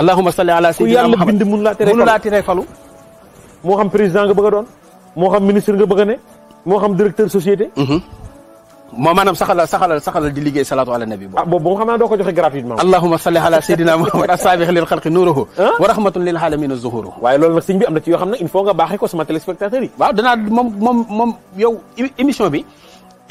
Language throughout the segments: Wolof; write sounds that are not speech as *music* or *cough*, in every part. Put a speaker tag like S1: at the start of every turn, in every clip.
S1: allahumma salli ala sayyidina Muhammad ku yàlla bind moo xam président a doon moo xam ministre nga bëgg a ne moo xam mhm. salaatu ala nabi boobu. ah boobu xam naa doo ko joxe gratuitement. allahumma salli ala sayyidina Muhammad *laughs* wa rahmatun lil alamina zuhuru waaye loolu nag sëñ bi am na ci yoo xam ne il faut nga baaxee ko sama téléspectateurs yi. waaw danaa moom moom moom yow émission bi.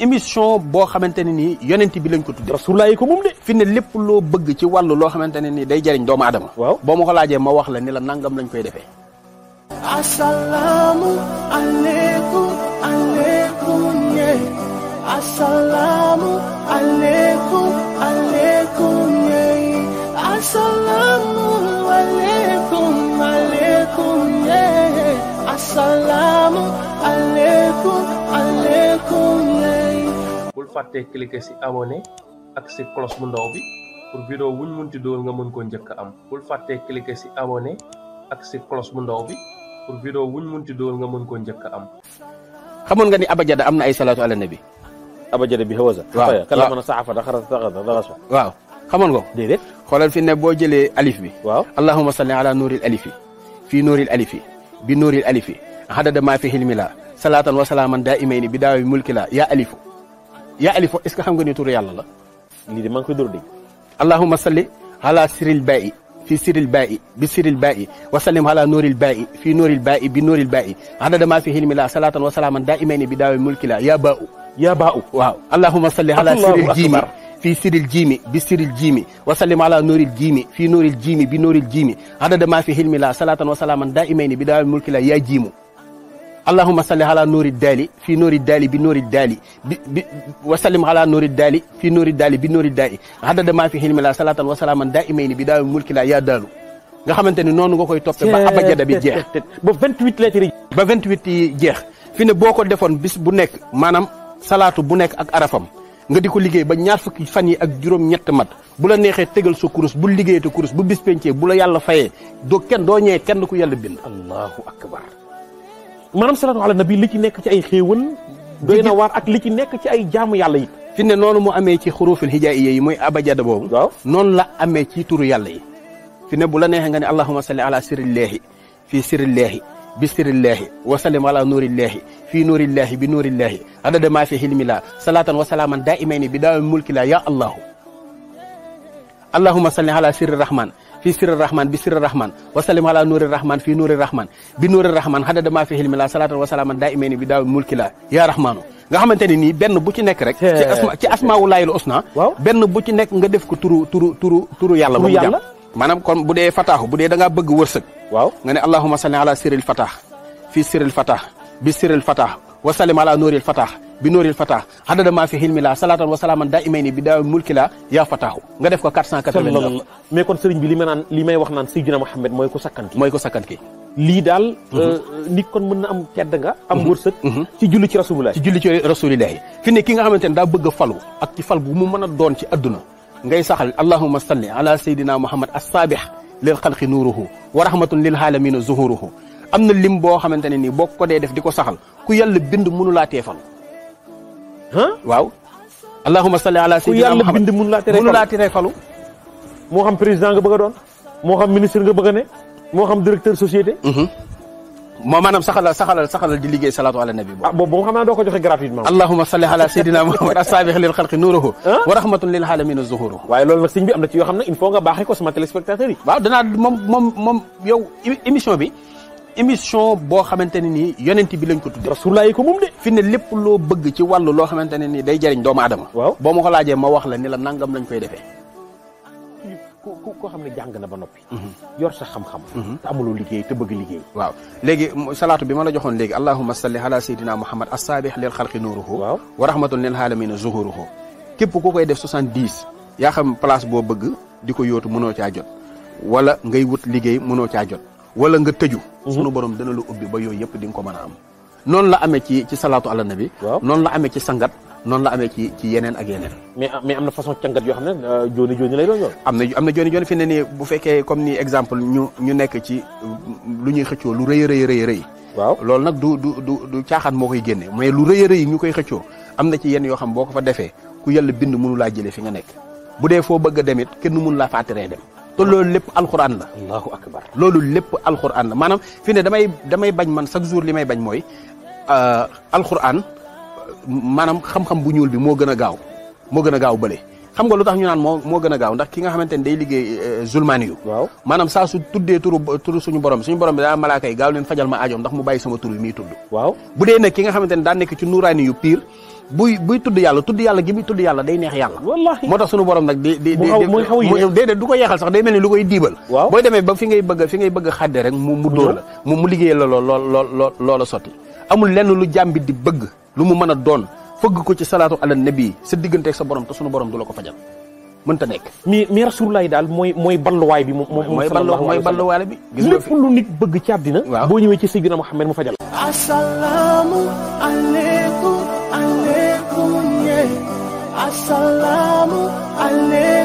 S1: émission boo xamante ne nii yonent bi lañ ko tuddee. rasulullah yi ko moom de. fi lépp loo bëgg ci wàllu loo xamante ne nii day jariñ doomu aadama. waaw boo ma ko laajee ma wax la ni la nangam lañ koy defee. asalaamu aleykum aleykum ye asalaamu fàtte cliquer si abonné ak si cloche bu ndaw bi pour vidéo wuñ munti door nga mën ko njëkk am bul fàtte cliquer si abonné ak si cloche bu ndaw bi pour vidéo wuñ munti door nga mën ko njëkk am xamoon nga ni abajada am na ay salatu ala nabi abajada bi hawaza waaw kala mën a saafa da xara taxada da rasul waaw xamoon nga dedet xolal fi ne bo jëlee alif bi waaw allahumma salli ala nuril alifi fi nuril alifi bi nuril alifi hadada ma fi hilmila salatan wa salaman daimaini bidawi mulkila ya alifu يا ألف est ce que xam nga ni tur yàlla la. lii de maa ngi koy door a في سر البائي بسر البائي وسلم على نور البائي في نور البائي بنور البائي عدد ما في علم الله صلاة وسلاما دائمين بداوي ملك الله يا باء يا باء واو اللهم صل على سر الجيم في سر الجيم بسر الجيم وسلم على نور الجيم في نور الجيم بنور الجيم عدد ما في علم الله صلاة وسلاما دائمين بداوي ملك الله يا جيم اللهم صل على نور الدالي في نور الدالي بنور الدالي وسلم على نور الدالي في نور الدالي بنور الدالي عدد ما في حلم لا صلاة وسلاما دائمين بداية الملك لا يا دالو nga xamante ni noonu nga koy toppee ba abajada bi jeex ba 28 lettres yi ba 28 yi jeex fi ne boo ko defoon bis bu nekk maanaam salaatu bu nekk ak arafam nga di ko liggéey ba ñaar fukki fan yi ak juróom ñett mat bu la neexee tegal sa kurus bu liggéeyate kurus bu bis pencee bu la yàlla fayee doo kenn doo ñëwee kenn ku yàlla bind allahu akbar manam salatu ala nabi li ci nek ci ay xéewal doyna war ak li ci nek ci ay jaamu yàlla yi fi ne nonu mu amé ci xurufil hijaaiya yi moy abajada boobu waaw noonu la amé ci turu yàlla yi fi ne bu la nexe nga ne allahuma salli ala sirillaahi fi sirillaahi bi sirillaahi wa sallim ala nuurillaahi fi nuurillaahi bi nuurillaahi adada ma fi hilmi laa salaatan wa salaman daimaini bi daawi mulki laa yaa allahu allahuma salli ala sirri rahman fii sirri rahman bi sirri rahman wasalim alaa nuuri rahman fii nuuri rahman bi nuuri rahman xadada maa fi xilmi laa salaatan wasalaaman daa imee ni bi daaw mulki laa yaa rahmaanu nga xamante ni nii benn bu ci nekk rek ci asma ci asmaawul laayil usna benn bu ci nekk nga def ko turu turu turu turu yàlla ba mu jàpp maanaam kon bu dee fataaxu bu dee da ngaa bëgg wërsëg waaw nga ne allahuma salli ala siril fataax fii siril fataax bi siril fataax wasalim ala nuuril fataax بنور الفتاح عدد ما في حلم لا صلاه وسلاما دائمين بداو ملك لا يا فتاح nga def ko 489 mais kon serigne bi li ma naan li may wax naan sayyidina mohammed moy ko sakkan ki moy ko sakkan ki lii daal nit kon mën na am tedd nga am wërsëg ci julli ci rasulillah ci julli ci rasulillah fi ne ki nga xamante ne daa bëgg a falu ak ci fal bu mu mën a doon ci adduna ngay saxal allahumma salli ala sayyidina muhammad as-sabih lil khalqi nuruhu wa rahmatun lil alamin zuhuruhu am na lim boo xamante ne nii boo ko dee def di ko saxal ku yàlla bind mënulaa teefal hum waaw. allahumma salli ala sayyidina Muhammad ku laa tere falu mun xam président nga bëgg a doon. moo xam ministre nga bëgg a ne. moo xam directeur société. Mhm. moo maanaam saxalal saxalal saxalal salaatu ala nabi boobu. ah xam naa doo ko joxe gratuitement. allahumma salli ala sayyidina Muhammad asaabiq *laughs* lil xalqi waaye loolu nag sëñ bi am na ci yoo xam ne il faut nga ko sama téléspectateurs yi. waaw danaa moom moom moom yow émission bi. émission bo xamanteni ni yonenti bi lañ ko tuddee rasulallahi ko mum de fi ne lepp lo bëgg ci walu lo xamanteni ni day jariñ doom adam waaw boo ma ma wax la ni la nangam lañ koy defé ko ko xam ne na ba nopi mhm. yor sa xam-xam mhm. ta amuloo liggey te bëgg liggey waaw legi salatu bi la legi allahumma salli ala sayidina muhammad as-sabih lil khalqi nuruhu Wow. wa rahmatun lil alamin zuhuruhu kep ku koy def 70 ya xam place bo bëgg diko yotu mëno jot wala ngay wut liggéey mënoo caa jot wala nga tëju mhm. sunu borom dana la ubbi ba yooyu yëpp di nga ko mën a am noonu la amee ci ci salaatu ala nabi noonu la amee ci sangat noonu la amee ci ci yeneen ak yeneen mais mais am na façon cangat yoo xam ne euh, jooni jooni lay am na am na jooni jooni fi ne nii bu fekkee comme ni exemple ñu ñu nekk ci euh, lu ñuy xëccoo lu rëy rëy rëy rëy waaw loolu nag du du du du caaxaan moo koy génne mais lu rëy rëy ñu koy xëccoo am na ci yenn yoo xam boo ko fa defee ku yàlla bind mënu laa jëlee fi nga nekk bu dee foo bëgg a demit kenn munu laa fàttiree dem te loolu lépp alxuraan la. allahu akbar loolu lépp alxuraan la maanaam fi ne damay damay bañ man chaque jour li may bañ mooy euh, alxuraan maanaam xam-xam bu ñuul bi moo gën a gaaw moo gën a gaaw bële. xam nga lu tax ñu naan moo moo gën a gaaw ndax ki nga xamante ne day liggéey euh, zulmaani yu waaw maanaam saa su tuddee turu turu suñu borom suñu borom bi daa malaaka yi gaaw leen fajal ma aajoom ndax mu bàyyi sama tur bi muy tudd waaw bu dee nag ki nga xamante ne daa nekk yu pire buy buy tudd yàlla tudd yàlla gi muy tudd yàlla day neex yàlla moo tax sunu borom nag di di déedéet du ko yeexal sax day mel ni lu koy diibal booy demee ba fi ngay bëgg fi ngay bëgg xadde rek mu mu dóor la mu mu liggéeyal la lool lool lool loola sotti amul lenn lu jàmbi di bëgg lu mu mën a doon fëgg ko ci salaatu ala nabi sa diggante ak sa borom te sunu borom du la ko fajal mënta nekk mi mi rasulullaay daal mooy mooy balluwaay bi moom mooy balluwaay bi lépp lu nit bëgg ci àddina boo ñëwee ci Seydina Muhammad mu fajal asalaamu aleykum alaikum, yeah. Assalamu alaikum.